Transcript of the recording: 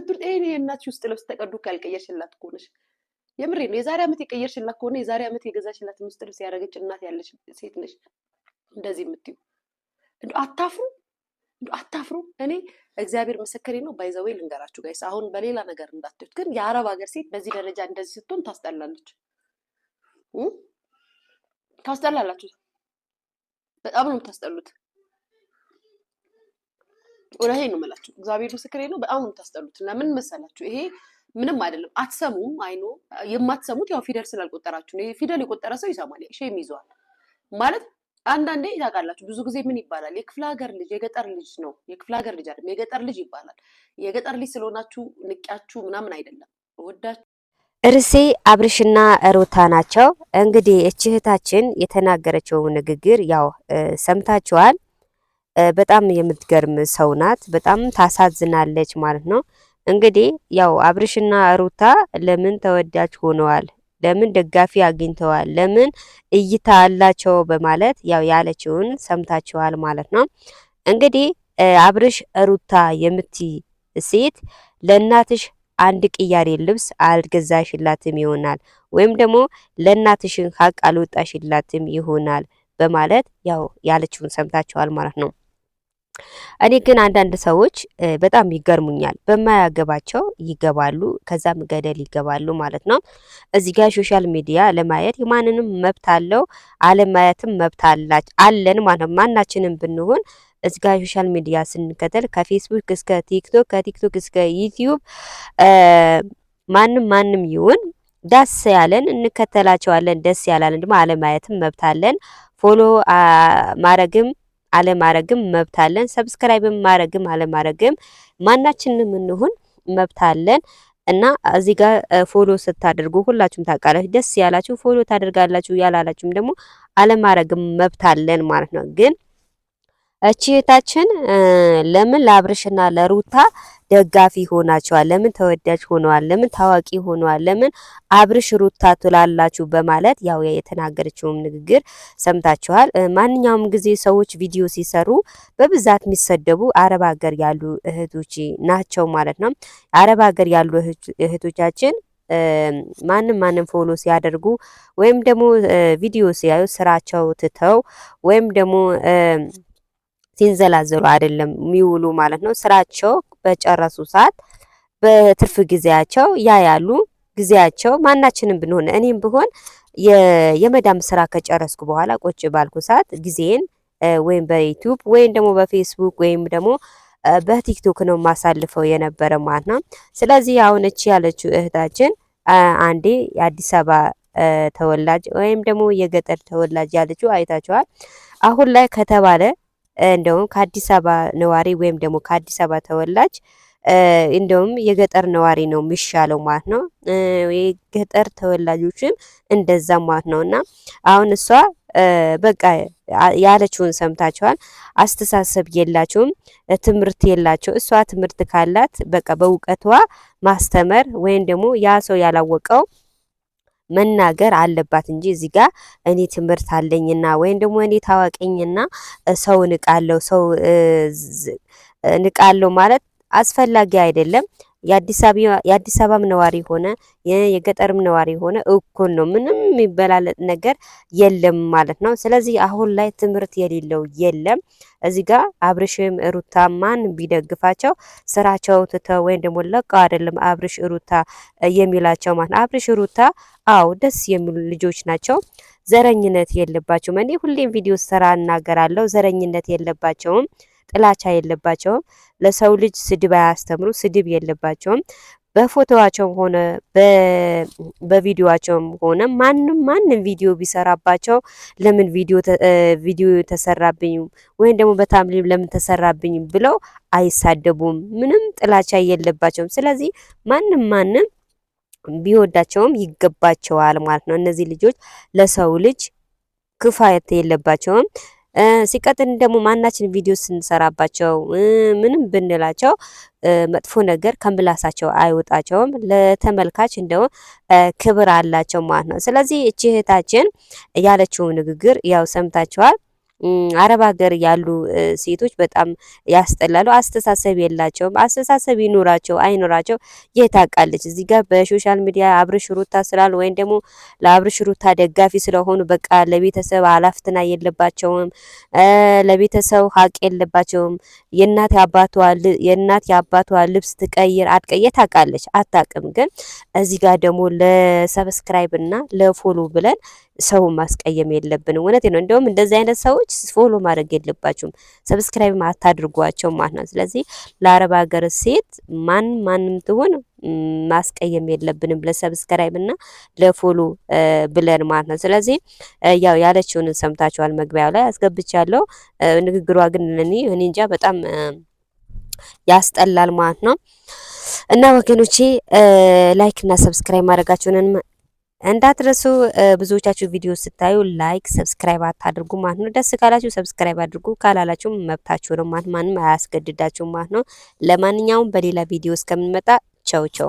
የምትሉት ይሄ የእናትሽ ውስጥ ልብስ ተቀዱ ያልቀየርሽላት ከሆነሽ የምሬ ነው። የዛሬ ዓመት የቀየርሽላት ከሆነ የዛሬ ዓመት የገዛሽላትን ውስጥ ልብስ ያደረገች እናት ያለች ሴት ነሽ። እንደዚህ የምትዩ እንደ አታፍሩ አታፍሩ። እኔ እግዚአብሔር ምስክሬ ነው። ባይዘወይ ልንገራችሁ ጋይስ፣ አሁን በሌላ ነገር እንዳትዩት፣ ግን የአረብ ሀገር ሴት በዚህ ደረጃ እንደዚህ ስትሆን ታስጠላለች፣ ታስጠላላችሁ። በጣም ነው የምታስጠሉት። ወላሂ ነው የምላችሁ። እግዚአብሔር ምስክሬ ነው። በጣም ነው የምታስጠሉት። ለምን መሰላችሁ? ይሄ ምንም አይደለም፣ አትሰሙም። አይኖ የማትሰሙት ያው ፊደል ስላልቆጠራችሁ ነው። ፊደል የቆጠረ ሰው ይሰማል፣ ሼም ይዘዋል ማለት አንዳንዴ ታውቃላችሁ፣ ብዙ ጊዜ ምን ይባላል? የክፍለ ሀገር ልጅ የገጠር ልጅ ነው። የክፍለ ሀገር ልጅ አይደለም፣ የገጠር ልጅ ይባላል። የገጠር ልጅ ስለሆናችሁ ንቂያችሁ ምናምን አይደለም፣ ወዳችሁ እርሴ አብርሽና ሩታ ናቸው። እንግዲህ እህታችን የተናገረችው ንግግር ያው ሰምታችኋል። በጣም የምትገርም ሰው ናት። በጣም ታሳዝናለች ማለት ነው። እንግዲህ ያው አብርሽና ሩታ ለምን ተወዳጅ ሆነዋል? ለምን ደጋፊ አግኝተዋል? ለምን እይታ አላቸው? በማለት ያው ያለችውን ሰምታችኋል ማለት ነው። እንግዲህ አብርሽ ሩታ የምት ሴት ለእናትሽ አንድ ቅያሬ ልብስ አልገዛሽላትም ይሆናል ወይም ደግሞ ለእናትሽን ሀቅ አልወጣሽላትም ይሆናል በማለት ያው ያለችውን ሰምታችኋል ማለት ነው። እኔ ግን አንዳንድ ሰዎች በጣም ይገርሙኛል። በማያገባቸው ይገባሉ፣ ከዛም ገደል ይገባሉ ማለት ነው። እዚህ ጋር ሶሻል ሚዲያ ለማየት የማንንም መብት አለው፣ አለማየትም መብት አለን ማለት ነው። ማናችንም ብንሆን እዚህ ጋር ሶሻል ሚዲያ ስንከተል ከፌስቡክ እስከ ቲክቶክ፣ ከቲክቶክ እስከ ዩቲዩብ ማንም ማንም ይሁን ደስ ያለን እንከተላቸዋለን። ደስ ያላለን ደግሞ አለማየትም መብት አለን። ፎሎ ማረግም አለማረግም መብት አለን። ሰብስክራይብም ማረግም አለማረግም ማናችንም እንሁን መብት አለን። እና እዚህ ጋር ፎሎ ስታደርጉ ሁላችሁም ታውቃላችሁ። ደስ ያላችሁ ፎሎ ታደርጋላችሁ፣ ያላላችሁም ደግሞ አለማረግም መብት አለን ማለት ነው ግን እቺ እቺታችን ለምን ለአብርሽና ለሩታ ደጋፊ ሆናቸዋል፣ ለምን ተወዳጅ ሆነዋል፣ ለምን ታዋቂ ሆነዋል፣ ለምን አብርሽ ሩታ ትላላችሁ በማለት ያው የተናገረችውም ንግግር ሰምታችኋል። ማንኛውም ጊዜ ሰዎች ቪዲዮ ሲሰሩ በብዛት የሚሰደቡ አረብ ሀገር ያሉ እህቶች ናቸው ማለት ነው። አረብ ሀገር ያሉ እህቶቻችን ማንም ማንም ፎሎ ሲያደርጉ ወይም ደግሞ ቪዲዮ ሲያዩ ስራቸው ትተው ወይም ደግሞ ሲንዘላዘሉ አይደለም የሚውሉ ማለት ነው። ስራቸው በጨረሱ ሰዓት በትርፍ ጊዜያቸው ያያሉ። ጊዜያቸው ማናችንም ብንሆን እኔም ብሆን የመዳም ስራ ከጨረስኩ በኋላ ቁጭ ባልኩ ሰዓት ጊዜን ወይም በዩቲዩብ ወይም ደግሞ በፌስቡክ ወይም ደግሞ በቲክቶክ ነው ማሳልፈው የነበረ ማለት ነው። ስለዚህ አሁን እቺ ያለችው እህታችን አንዴ የአዲስ አበባ ተወላጅ ወይም ደግሞ የገጠር ተወላጅ ያለችው አይታችኋል። አሁን ላይ ከተባለ እንደውም ከአዲስ አበባ ነዋሪ ወይም ደግሞ ከአዲስ አበባ ተወላጅ እንደውም የገጠር ነዋሪ ነው የሚሻለው ማለት ነው። የገጠር ተወላጆችም እንደዛ ማለት ነው። እና አሁን እሷ በቃ ያለችውን ሰምታችኋል። አስተሳሰብ የላቸውም፣ ትምህርት የላቸው። እሷ ትምህርት ካላት በቃ በእውቀቷ ማስተመር ወይም ደግሞ ያ ሰው ያላወቀው መናገር አለባት እንጂ እዚህ ጋር እኔ ትምህርት አለኝና ወይም ደግሞ እኔ ታዋቂኝና ሰው ንቃለው ሰው ንቃለው ማለት አስፈላጊ አይደለም። የአዲስ አበባም ነዋሪ ሆነ የገጠርም ነዋሪ ሆነ እኩል ነው። ምንም የሚበላለጥ ነገር የለም ማለት ነው። ስለዚህ አሁን ላይ ትምህርት የሌለው የለም። እዚህ ጋር አብርሽም ሩታ ማን ቢደግፋቸው ስራቸውን ትተው ወይም ደግሞ ለቀው አይደለም አብርሽ ሩታ የሚላቸው ማለት ነው። አብርሽ ሩታ አዎ ደስ የሚሉ ልጆች ናቸው። ዘረኝነት የለባቸውም። እኔ ሁሌም ቪዲዮ ስራ እናገራለሁ። ዘረኝነት የለባቸውም። ጥላቻ የለባቸውም። ለሰው ልጅ ስድብ አያስተምሩ፣ ስድብ የለባቸውም። በፎቶዋቸውም ሆነ በቪዲዮዋቸውም ሆነ ማንም ማንም ቪዲዮ ቢሰራባቸው ለምን ቪዲዮ ተሰራብኝ ወይም ደግሞ በታምሊም ለምን ተሰራብኝ ብለው አይሳደቡም። ምንም ጥላቻ የለባቸውም። ስለዚህ ማንም ማንም ቢወዳቸውም ይገባቸዋል ማለት ነው። እነዚህ ልጆች ለሰው ልጅ ክፋየት የለባቸውም። ሲቀጥል ደግሞ ማናችን ቪዲዮ ስንሰራባቸው ምንም ብንላቸው መጥፎ ነገር ከምላሳቸው አይወጣቸውም። ለተመልካች እንደው ክብር አላቸው ማለት ነው። ስለዚህ እቺ እህታችን ያለችው ንግግር ያው ሰምታችኋል። አረብ ሀገር ያሉ ሴቶች በጣም ያስጠላሉ። አስተሳሰብ የላቸውም። አስተሳሰብ ይኖራቸው አይኖራቸው የታውቃለች። እዚህ ጋር በሶሻል ሚዲያ አብርሽ ሩታ ስላሉ ወይም ደግሞ ለአብርሽ ሩታ ደጋፊ ስለሆኑ በቃ ለቤተሰብ አላፍትና የለባቸውም፣ ለቤተሰብ ሀቅ የለባቸውም። የእናት አባቷ የእናት የአባቷ ልብስ ትቀይር አትቀየር ታውቃለች፣ አታውቅም። ግን እዚህ ጋር ደግሞ ለሰብስክራይብ እና ለፎሎ ብለን ሰው ማስቀየም የለብንም። እውነት ነው። እንደውም እንደዚህ አይነት ሰዎች ሰዎች ፎሎ ማድረግ የለባችሁም፣ ሰብስክራይብ አታድርጓቸው ማለት ነው። ስለዚህ ለአረብ ሀገር ሴት ማን ማንም ትሆን ማስቀየም የለብንም ለሰብስክራይብ እና ለፎሎ ብለን ማለት ነው። ስለዚህ ያው ያለችውን ሰምታችኋል፣ መግቢያው ላይ አስገብቻለሁ። ንግግሯ ግን እኔ እኔ እንጃ በጣም ያስጠላል ማለት ነው። እና ወገኖቼ ላይክ እና ሰብስክራይብ ማድረጋችሁንም እንዳትረሱ ብዙዎቻችሁ ቪዲዮ ስታዩ ላይክ ሰብስክራይብ አታድርጉ ማለት ነው። ደስ ካላችሁ ሰብስክራይብ አድርጉ፣ ካላላችሁ መብታችሁ ነው ማለት ማንም አያስገድዳችሁ ማለት ነው። ለማንኛውም በሌላ ቪዲዮ እስከምንመጣ ቸው ቸው